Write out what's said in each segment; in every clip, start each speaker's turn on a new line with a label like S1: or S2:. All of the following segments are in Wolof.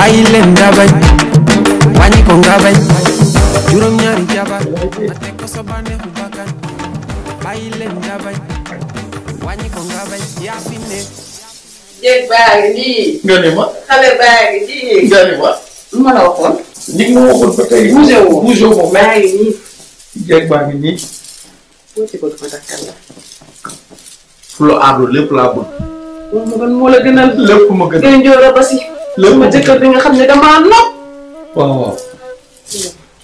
S1: bàyyi leen nga bañ wàññi ko nga bañ juróom ñaari jabar ma teg ko sa bànneexu bakkan bàyyi leen nga bañ wàññi ko nga bañ yaa fi ne jéeg baa ngi nii nga ne ma xale baa ngi nii nga ne ma lu ma la waxoon li nga waxoon ba tey bougé wu bougé wu moom baa ngi nii jéeg baa ngi nii boo ci bëgg ma takkal la fu la aadoo lépp laa bëgg moom moo la gënal lépp ma gënal nga njóora ba si loolu ma jëkkër bi xam ne damaa nopp. waaw waaw.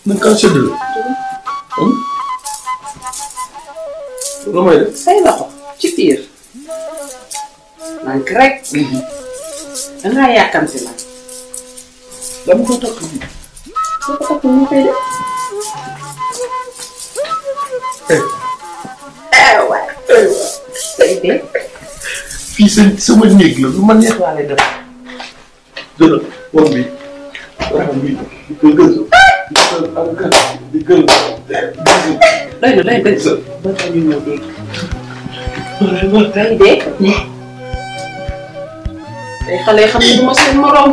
S1: nañ kaa séddale. lu may def. say loxo ci biir. manqué rek. da ngaa yàkkamti dama ko takk nii. dama ko takk nii ñu eh. eh, eh. ma neex laa jëlal woon bi raxam bi di ko gën di gën day na day dëgg ba tax ñu ñëw dégg day dee day xale xam ne du ma seen morom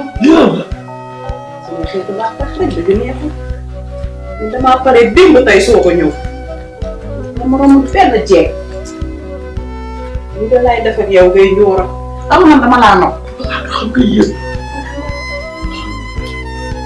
S1: sama xeetu baax tax rek dëgg neexul damaa pare démb tey soo ko ñëw dama romb fenn jeeg ñu da lay def ak yow ngay ñëw rek xam nga dama laa nopp xam nga yëpp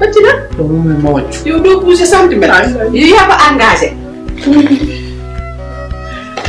S1: bëcc na. doo mën a ma wàcc. yow doo poussé centimètre. yow yaa ko engagé.